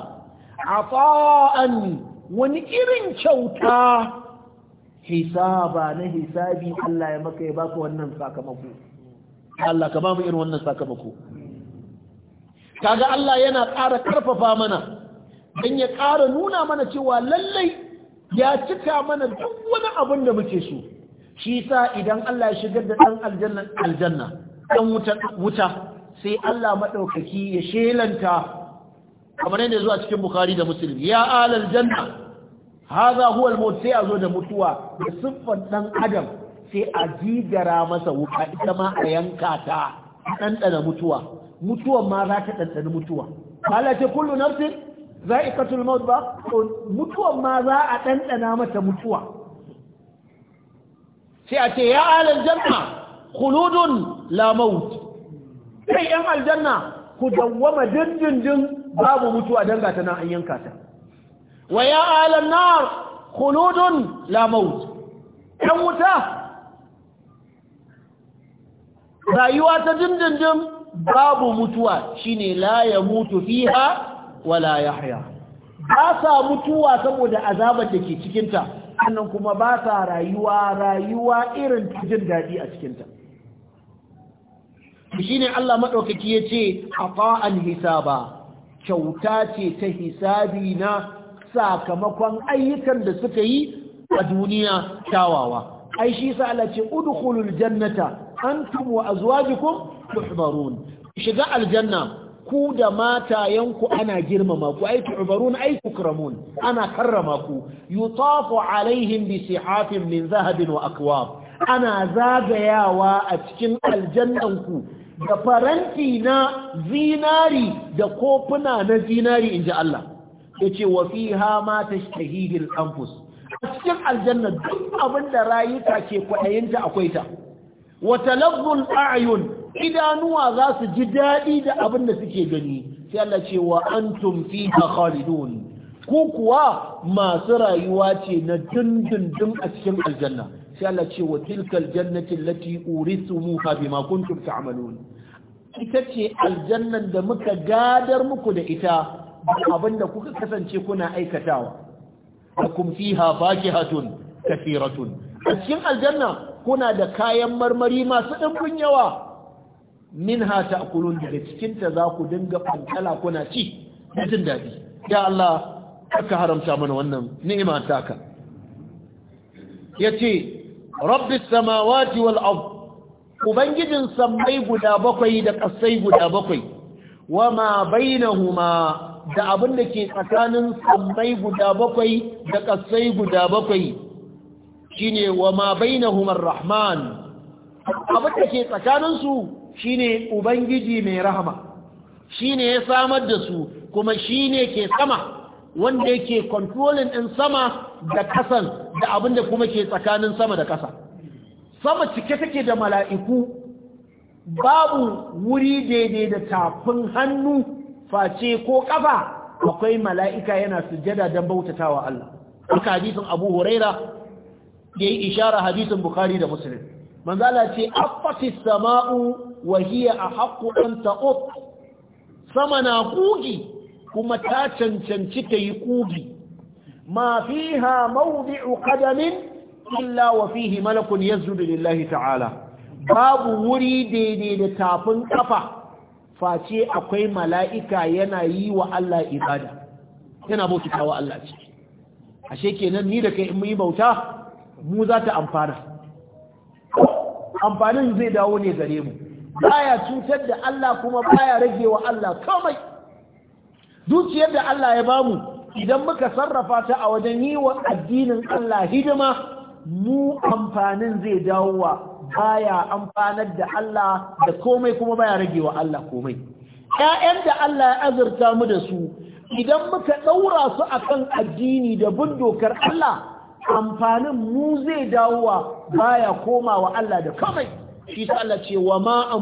ata'an wani irin kyauta hisaba na hisabi Allah ya maka ya baka wannan sakamako Allah ka ba mu irin wannan sakamako kaga Allah yana ƙara karfafa mana dan ya ƙara nuna mana cewa lallai ya cika mana duk wani abin da muke so shi sa idan Allah ya shigar da dan aljanna aljanna dan wuta wuta sai Allah madaukaki ya shelanta kamar yadda zuwa cikin Bukhari da Muslim ya alal janna haza huwa al-maut sai a zo da mutuwa da siffar dan adam sai a jigara masa wuka ita ma a yanka ta ɗanɗana mutuwa mutuwan ma za ta ɗanɗana mutuwa kala ce kullu nafsin za'iqatul maut ba mutuwa mutuwan ma za a ɗanɗana mata mutuwa sai a ce ya alal janna khuludun la maut sai yan aljanna ku dawwama dindindin babu mutuwa dangata na an yanka ta Waya ya alan nar khuludun wuta rayuwa ta dindindin babu mutuwa shine la ya mutu fiha wala yahya ba sa mutuwa saboda azabar da ke cikinta sannan kuma ba sa rayuwa rayuwa irin jin daɗi a cikinta shi ne Allah maɗaukaki ya ce a hisaba kyauta ce ta hisabi na sakamakon ayyukan da suka yi a duniya kyawawa ai shi sa Allah ce udkhulul jannata antum wa azwajukum tuhbarun shiga aljanna ku da matayenku ana girmama ku ai tuhbarun ai tukramun ana karrama ku yutafu alaihim bi sihatin min zahabin wa akwab ana zagayawa a cikin aljannan ku da faranti na zinari da kofuna na zinari inji Allah yace wa fiha ta tashtahihil anfus a cikin aljanna duk abinda rayuka ke kwaɗayinta akwai ta wata talazzul a'yun idanuwa za su ji daɗi da abin da suke gani sai Allah ce wa antum khalidun ku kuwa masu rayuwa ce na dindindin a cikin aljanna sai Allah ce wa tilkal jannati mu urithuha bima kuntum ta'malun ita ce aljannan da muka gadar muku da ita abin da kuka kasance kuna aikatawa lakum fiha fakihatun kathiratun a cikin aljanna kuna da kayan marmari masu ɗimbin yawa minha ta'kulun daga cikin ta za ku dinga fankala kuna ci da jin ya Allah ka haramta mana wannan ni'ima ka yace rabbis samawati wal ard ubangijin sammai guda bakwai da ƙasai guda bakwai wa wama bainahuma da abin da ke tsakanin sammai guda bakwai da ƙasai guda bakwai shine wa ma umar rahman abin da ke tsakaninsu shine ubangiji mai rahama shine ya samar da su kuma shine ke sama wanda yake kontrolin ɗin sama da ƙasan da abin da kuma ke tsakanin sama da ƙasa sama cike take da mala'iku babu wuri daidai da tafin hannu face ko kafa akwai mala'ika yana sujjada don bautatawa Allah duka hadisin Abu Huraira yayi ishara hadisin Bukhari da Muslim manzala ce affatis sama'u wa hiya ahqqu an ta'ut sama na kugi kuma ta cancanci ta yi kugi ma fiha mawdi'u qadamin illa wa fihi malakun yazdu lillahi ta'ala babu wuri daidai da tafin kafa face akwai mala'ika yana yi wa Allah ibada yana bautuka wa Allah ce ashe kenan ni da kai in yi bauta mu za ta amfana amfanin zai dawo ne gare mu baya cutar da Allah kuma baya rage wa Allah kamai dukiyar da Allah ya bamu idan muka sarrafa ta a wajen yi wa addinin Allah hidima mu amfanin zai dawo wa baya amfanar da Allah da komai kuma baya rage wa Allah komai Ya'yan da Allah ya azurta mu da su idan muka ɗaura su akan addini da bin dokar Allah amfanin mu zai dawowa baya komawa Allah da komai. shi ta Allah ce wa ma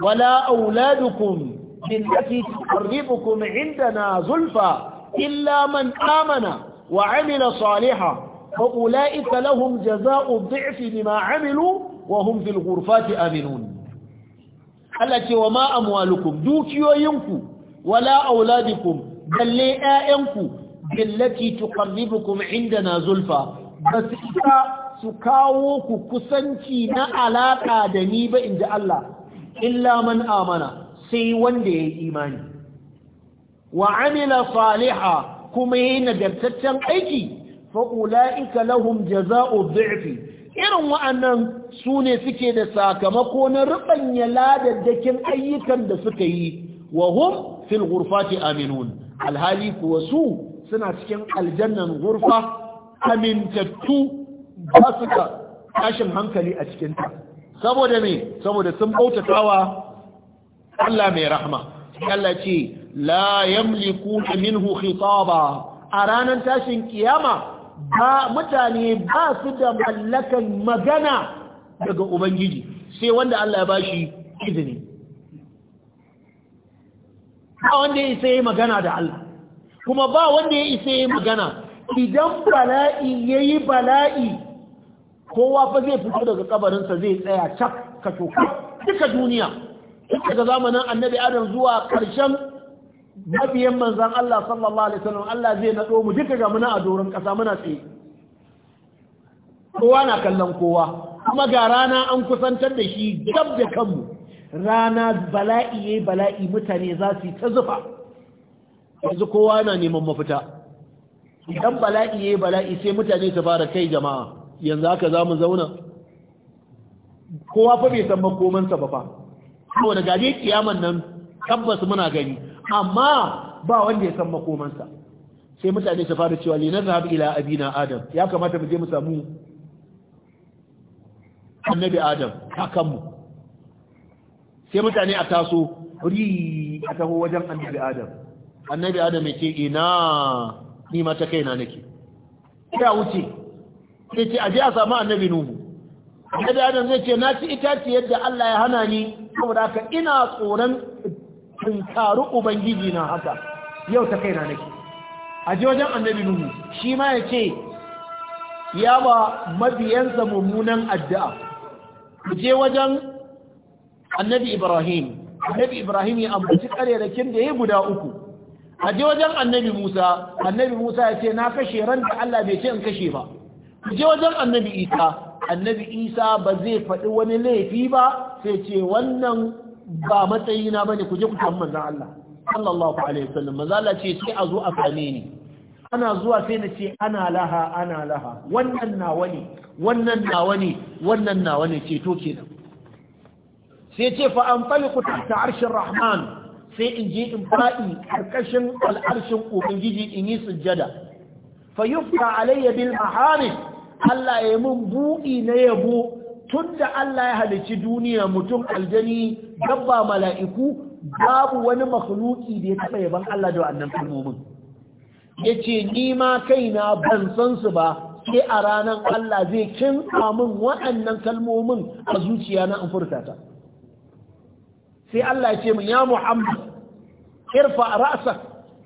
wala auladukum billati inda na zulfa illa man amana wa amila salihan fa ulaika lahum jazaa'u dhi'fi bima 'amilu wa hum fil ghurfati aminun Allah ce wa ma amwalukum dukiyoyinku wala auladikum balle 'ya'yanku billati inda na zulfa basika su kawo ku kusanci na alaƙa da ni ba inda Allah, illa man amana sai wanda ya yi imani. Wa amila Faliha kuma yi nagartaccen aiki, fa'ula'ika lahum jaza'u dhi'fi irin wa'annan su ne suke da sakamako na rubanya ladaddakin ayyukan da suka yi wa hum fil ghurfati aminun alhali kuwa su suna cikin aljannan gurfa amintattu ba su ka tashin hankali a cikinta saboda me saboda sun bautatawa Allah mai rahma Allah ce la yamliku minhu khitaba a ranar tashin kiyama ba mutane ba su da mallakan magana daga ubangiji sai wanda Allah ya bashi izini ba wanda ya isa yi magana da Allah kuma ba wanda ya isa yi magana idan bala'i ya yi bala'i kowa fa zai fito daga kabarinsa zai tsaya cak ka duka duniya duka ga zamanin annabi adam zuwa ƙarshen mabiyan manzan Allah sallallahu alaihi wasallam Allah zai nado mu duka ga muna a doron kasa muna tsaye kowa na kallon kowa kuma ga rana an kusantar da shi gab da kanmu rana bala'i yayi bala'i mutane za su ta zufa yanzu kowa na neman mafita idan bala'i yayi bala'i sai mutane su fara kai jama'a yanzu haka za mu zauna kowa fa bai san makomansa ba fa da gaje kiyaman nan tabbas muna gani amma ba wanda ya san makomansa sai mutane su fara cewa linar zahab ila abina adam ya kamata mu je mu samu annabi adam mu sai mutane a taso ri a taho wajen annabi adam annabi adam ya ce ina ni ma ta kaina nake ya wuce sai ce aje a samu annabi nuhu annabi adam zai ce na ci itaci yadda Allah ya hana ni saboda ka, ina tsoron tunkaru ubangiji na haka yau ta kaina nake a ji wajen annabi nuhu shi ma ya ce ya ba mabiyansa mummunan addu'a ku je wajen annabi ibrahim annabi ibrahim ya ambaci karyarakin da ya guda uku a je wajen annabi musa annabi musa ya ce na kashe ran da allah bai ce in kashe ba ku je wajen annabi isa annabi isa ba zai faɗi wani laifi ba sai ce wannan ba matsayina bane ku je ku samu manzon Allah sallallahu alaihi wasallam manzon Allah ce sai a zo a same ni ana zuwa sai na ce ana laha ana laha wannan nawa ne wannan nawa ne wannan nawa ne ceto kenan sai ce fa an taliku tahta arshin rahman sai in je in fadi karkashin al'arshin ubangiji in yi sujjada fa yufta alayya bil mahamid Allah ya mun buɗi na yabo tun da Allah ya halici duniya mutum aljani gabba mala'iku babu wani makhluki da ya taɓa yaban Allah da wannan kalmomin ya ce ni ma kaina ban san su ba sai a ranar Allah zai kinsa mun waɗannan kalmomin a zuciya na in sai Allah ya ce min ya Muhammad irfa a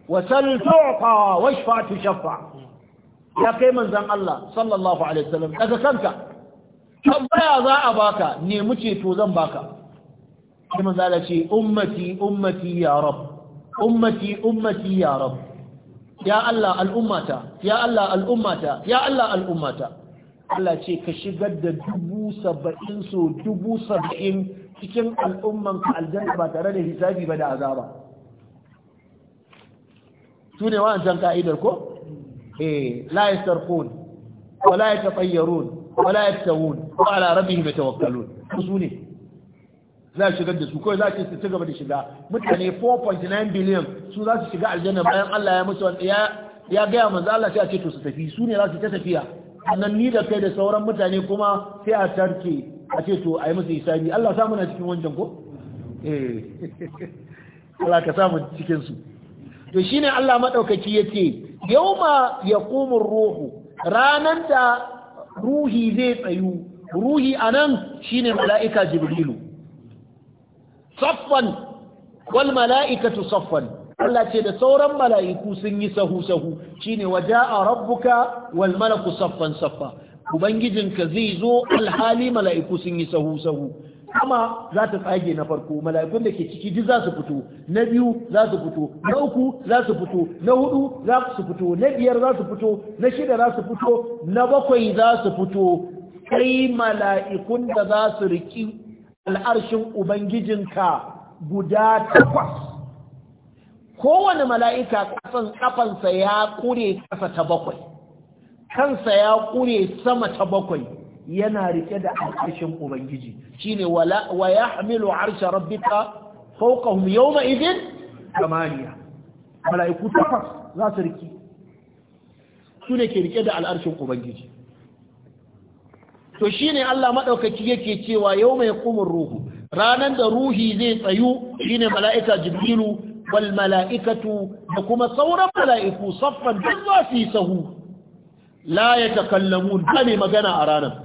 wa sal washfa tushaffa ya kai manzon Allah sallallahu alaihi wasallam daga kanka tambaya za a baka nemi ceto zan baka sai manzala ce ummati ummati ya rab ummati ummati ya rab ya Allah al'ummata ya Allah al'ummata ya Allah al'ummata Allah ce ka shigar da dubu saba'in so dubu saba'in cikin al'umman ka aljanna ba tare da hisabi ba da azaba su ne wa'ancan ka'idar ko? eh la yastarqun wa la yatafayyarun wala yattawun ko ala rabbihim yatawakkalun su ne za shigar da su kawai za su ci gaba da shiga mutane 4.9 billion su za su shiga aljanna bayan Allah ya musu ya ya ga manzo Allah sai a ce to su tafi su ne za su ta tafiya annan ni da kai da sauran mutane kuma sai a tarke a ce to a yi musu isabi Allah sa muna cikin wancan ko eh Allah ka samu cikin su to shine Allah madaukaki yace yauma yaqumur ruhu ranan da ruhi zai tsayu ruhi anan shine mala'ika jibrilu saffan wal su saffan Allah ce da sauran mala'iku sun yi sahu sahu shine waja'a rabbuka wal malaku saffan saffa ubangijinka zai zo alhali mala'iku sun yi sahu sahu sama za ta tsage na farko mala'ikun da ke ciki duk za su fito na biyu za su fito na uku za su fito na hudu za su fito na biyar za su fito na shida za su fito na bakwai za su fito Kai mala'ikun da za su riƙi al'arshin ubangijinka guda takwas kowane mala'ika kasan kafansa ya kure kasa ta bakwai kansa ya kure sama ta bakwai yana rike da al'arshin ubangiji shine wala wa yahmilu arsha rabbika fawqahum yawma idhin samaniya malaiku takwas za su riki su ne ke rike da al'arshin ubangiji to shine Allah madaukaki yake cewa yawma yaqumur ruhu ranan da ruhi zai tsayu shine mala'ika jibrilu wal mala'ikatu da kuma sauran mala'iku saffan duk za su yi sahu la yatakallamun ba ne magana a ranar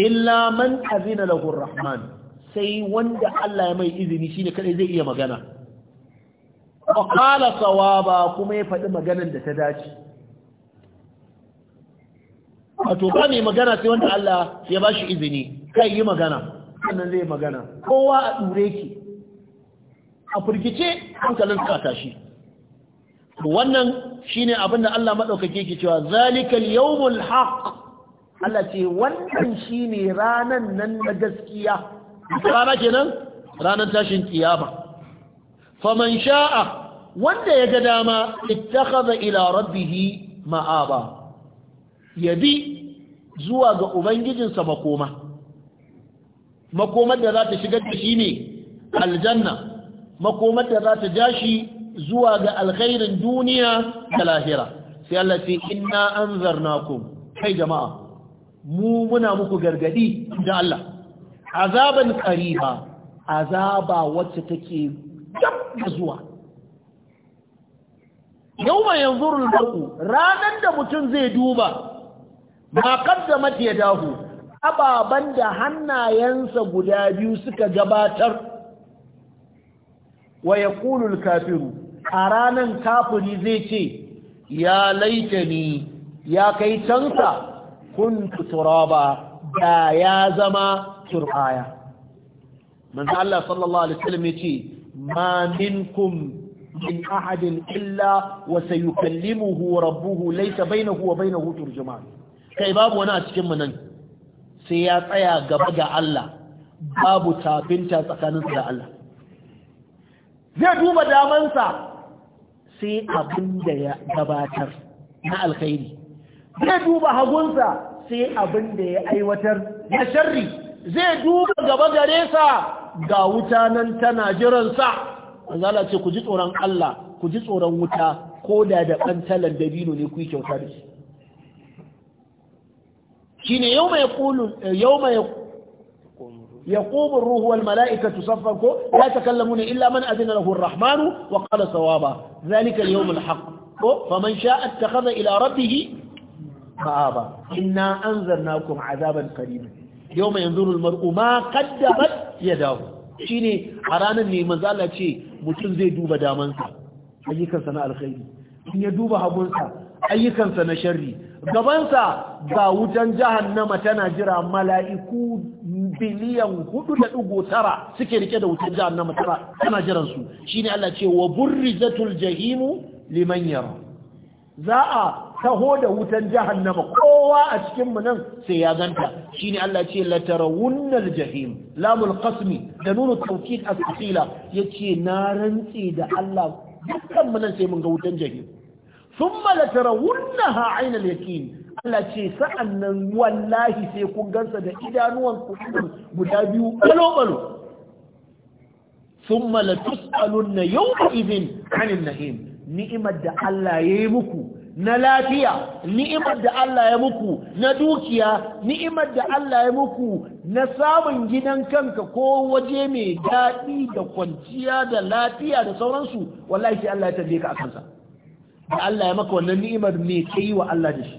illa man azina lahu rahman sai wanda Allah ya mai izini shine kadai zai iya magana wa qala sawaba kuma ya faɗi maganar da ta dace wato ba mai magana sai wanda Allah ya bashi izini kai yi magana sannan zai magana kowa a dure ki a furgice hankalin ka tashi wannan shine abinda Allah madaukake ke cewa zalikal yawmul haqq Allah ce wannan shine ranan nan na gaskiya rana kenan ranan tashin kiyama faman sha'a wanda ya ga dama ittakhadha ila rabbih ma'aba bi zuwa ga ubangijinsa makoma makomar da za ta shigar da shi ne aljanna makomar da za ta jashi zuwa ga alkhairin duniya da lahira sai Allah ce inna anzarnakum kai jama'a mu muna muku gargadi da Allah azaban qariba azaba wacce take gab zuwa yawma yanzuru al-mar'u ranan da mutum zai duba ma qaddamat yadahu ababan da hannayensa guda biyu suka gabatar wa yaqulu al-kafiru a ranan kafiri zai ce ya laitani ya kai tanka kuntu turaba da ya zama turbaya manzo Allah sallallahu alaihi wasallam yace ma minkum min ahadin illa wa sayukallimuhu rabbuhu laysa bainahu wa bainahu turjuman kai babu wani a cikin mu nan sai ya tsaya gaba ga Allah babu tafinta tsakaninsa da Allah zai duba damansa sai abin da ya gabatar na alkhairi zai duba hagunsa sai abin da ya aiwatar na sharri zai duba gaba gare sa ga wuta nan tana jiransa manzala ce ku ji tsoron Allah ku ji tsoron wuta ko da da kantalan dabino ne ku yi kyauta da shi shine yawma yaqulu yawma يقوم الروح والملائكة صفا لا يتكلمون إلا من أذن له الرحمن وقال صوابا ذلك اليوم الحق فمن شاء اتخذ إلى ربه ma'aba inna anzarnakum azaban qarib yawma yanzuru almar'u ma qaddamat yadahu shine a ranar ne manzo Allah ce mutum zai duba damansa ayyukansa na alkhairi in ya duba hagunsa ayyukansa na sharri gabansa ga wutan jahannama tana jira mala'iku biliyan 4.9 suke rike da wutan jahannama tana tana jiran su shine Allah ce wa burrizatul jahimu liman yara za a taho da wutan jahannama kowa a cikin nan sai ya ganta shine Allah ce la jahim lamul qasmi da nunu tawkid as-sila yace na rantsi da Allah dukkan mu nan sai mun ga wutan jahim thumma la aynal yaqin Allah ce sa'annan wallahi sai kun gansa da idanuwan ku guda biyu balo balo thumma la tus'alunna yawma idhin 'anil nahim ni'imar da Allah yayi muku na lafiya ni'imar da Allah ya muku na dukiya ni'imar da Allah ya muku na samun gidan kanka ko waje mai daɗi da kwanciya da lafiya da sauransu wallahi sai Allah ya tambaye ka akan da Allah ya maka wannan ni'imar mai kai wa Allah da shi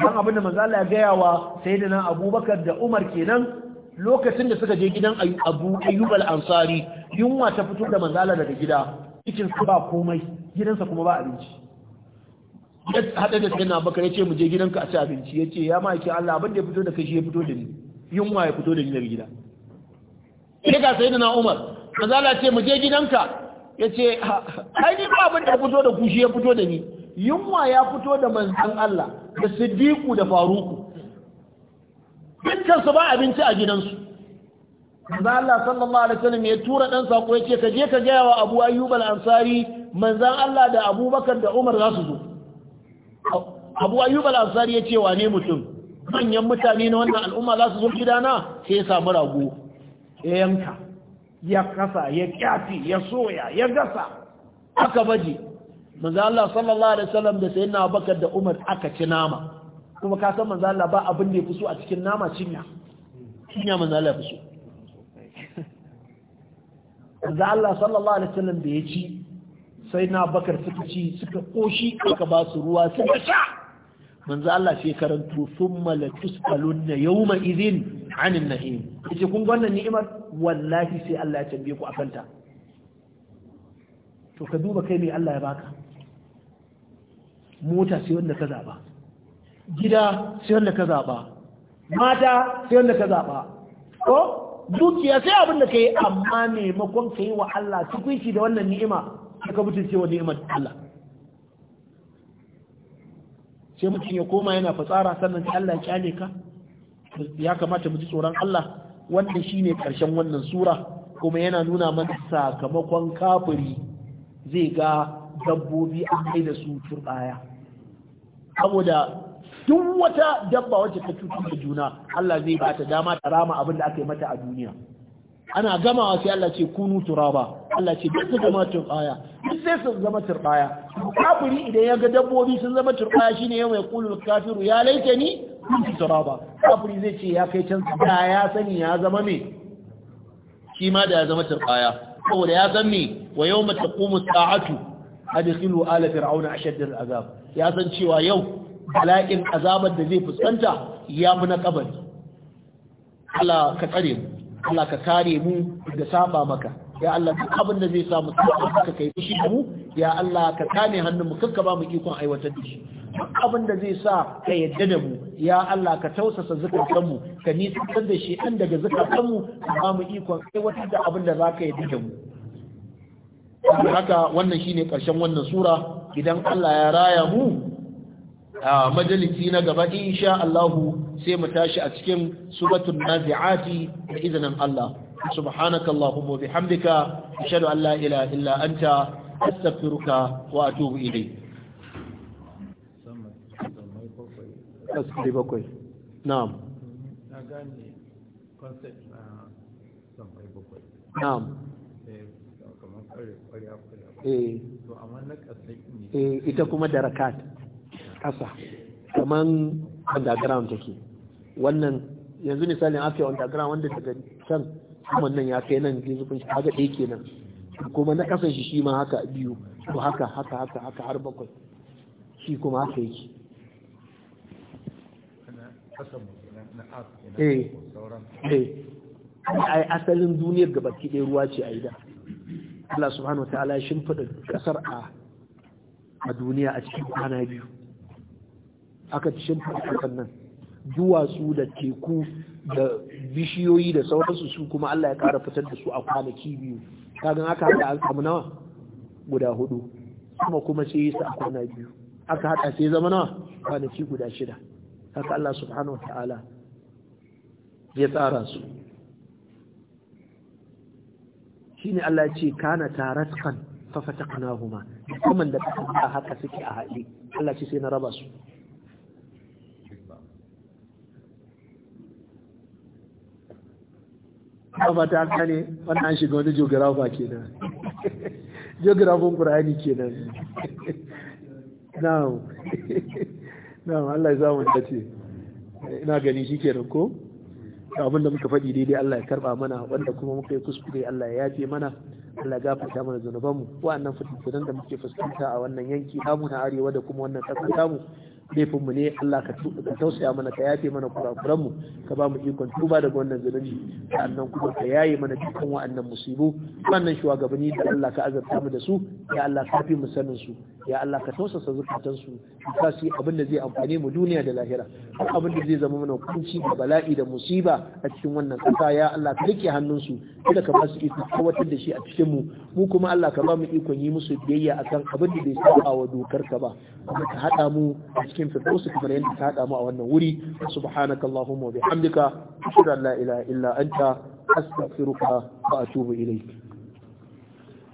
dan abin da manzo Allah ya gaya wa sayyidina Abubakar da Umar kenan lokacin da suka je gidan Abu Ayyub al-Ansari yunwa ta fito da manzo Allah daga gida cikin su ba komai gidansa kuma ba abinci ya haɗa da sayyidina baka ya ce mu je gidanka a ci abinci ya ce ya ma'aiki Allah abin da ya fito da kai shi ya fito da ni yunwa ya fito da ni daga gida ya ga na Umar kazala ce mu je gidanka ya ce ai ni ba abin da ya fito da ku shi ya fito da ni yunwa ya fito da manzan Allah da Siddiqu da Faruku dukkan su ba abinci a gidansu manzan Allah sallallahu alaihi wasallam ya tura dan sako ya ce ka je ka gaya wa Abu Ayyub al-Ansari manzan Allah da Abubakar da Umar za su zo abu ayyub al ya yace wane mutum manyan mutane na wannan al'umma za su zo gidana sai ya samu rago ya yanka ya kasa ya kyafi ya soya ya gasa aka baje manzo Allah sallallahu alaihi wasallam da sayyidina Abubakar da Umar aka ci nama kuma ka san manzo Allah ba abin da ya fi so a cikin nama cinya cinya manzo Allah ya fi so manzo Allah sallallahu alaihi wasallam da ya ci sai na bakar suka ci suka koshi aka ba su ruwa suka sha manzo Allah sai karanto thumma la na yawma idhin an na'im yace kun ga wannan ni'imar wallahi sai Allah ya tambaye ku akan ta to ka duba kai me Allah ya baka mota sai wanda ka zaba gida sai wanda ka zaba mata sai wanda ka zaba ko dukiya sai abin da kai amma maimakon kai wa Allah tukunci da wannan ni'ima sai ka mutunce wa ni'imar Allah sai mutum ya koma yana fatsara sannan Allah ya kyale ka ya kamata mu ji tsoron Allah shi shine karshen wannan sura kuma yana nuna mana sakamakon kafiri zai ga dabbobi an kai da su turbaya saboda duk wata dabba wacce ta cutar da juna Allah zai ba ta dama ta rama abin da aka yi mata a duniya ana gamawa sai Allah ce kunu turaba Allah ce duk su zama turbaya duk sai su zama turɓaya kafiri idan ya ga dabbobi sun zama turɓaya shine yau mai kulul kafiru ya laita ni kuntu turaba kafiri zai ce ya kai can da ya sani ya zama me shi ma da ya zama turbaya saboda ya san me wa yawma taqumu sa'atu adkhilu ala fir'auna shaddar al'azab ya san cewa yau bala'in azabar da zai fuskanta ya fi na kabari Allah ka tsare mu Allah ka kare mu da saba maka ya Allah duk abin da zai samu tsaka ka kai fushi da mu ya Allah ka kame hannun mu kakka ba mu ikon aiwatar da shi duk abin da zai sa ka yadda da mu ya Allah ka tausasa zukatan mu ka nisantar da shi an daga zukatan mu ka ba mu ikon aiwatar da abin da zaka yadda da mu haka wannan shine karshen wannan sura idan Allah ya raya mu a majalisi na gaba insha Allah sai mu tashi a cikin subatul nazi'ati da izinin Allah subhanaka allahumma bihamdika ashhadu an la ilaha wa atubu ilayk bakwai na'am na ita kuma da rakat kasa kamar underground take wannan yanzu misalin aka underground wanda daga can saman nan ya kai nan zurfin shi haka ɗaya kenan kuma na ƙasan shi shi ma haka biyu to haka haka haka haka har bakwai shi kuma haka yake eh eh ai asalin duniyar gabaki ɗaya ruwa ce a yi da Allah subhanahu ta'ala ya shimfiɗa ƙasar a a duniya a cikin kwana biyu aka shimfiɗa ƙasar nan duwatsu da teku da bishiyoyi da sauransu su kuma Allah ya kara fitar da su a kwanaki biyu kagan aka haɗa an samu nawa guda hudu kuma kuma sai yi a kwana biyu aka haɗa sai zama nawa kwanaki guda shida haka Allah subhanahu wataala ya tsara su shine Allah ya ce kana taratkan fafata kanahuma kuma da haka suke a haɗe Allah ce sai na raba su a fata gane wannan an shiga wani geografa kenan geografin ke kenan na'am na'am Allah ya mu dace ina gani shikenan ko abinda muka faɗi daidai Allah ya karɓa mana wanda kuma muka yi kuskure Allah ya yafe mana Allah ya gafarta mana zunubanmu wa'annan fitintunan da muke fuskanta a wannan yanki namu na arewa da kuma wannan ƙasar tamu laifinmu ne Allah ka tausaya mana ka yafe mana mu ka ba mu ikon tuba daga wannan zunubi sannan kuma ka yaye mana dukkan wa'annan musibu wannan shugabanni da Allah ka azabta mu da su ya Allah ka fi mu sanin su ya Allah ka tausasa zukatan su ka su abin da zai amfane mu duniya da lahira har abin da zai zama mana kunci da bala'i da musiba a cikin wannan kasa ya Allah ka rike hannun su kada ka ba su iko kawatar da shi a cikin mu mu kuma Allah ka ba mu ikon yi musu biyayya akan abin da bai saba wa dokar ka ba kuma ka hada mu a cikin cikin firdausi kamar yadda ta haɗa mu a wannan wuri subhanaka allahumma wa bihamdika ashhadu an la ilaha illa anta astaghfiruka wa atubu ilayk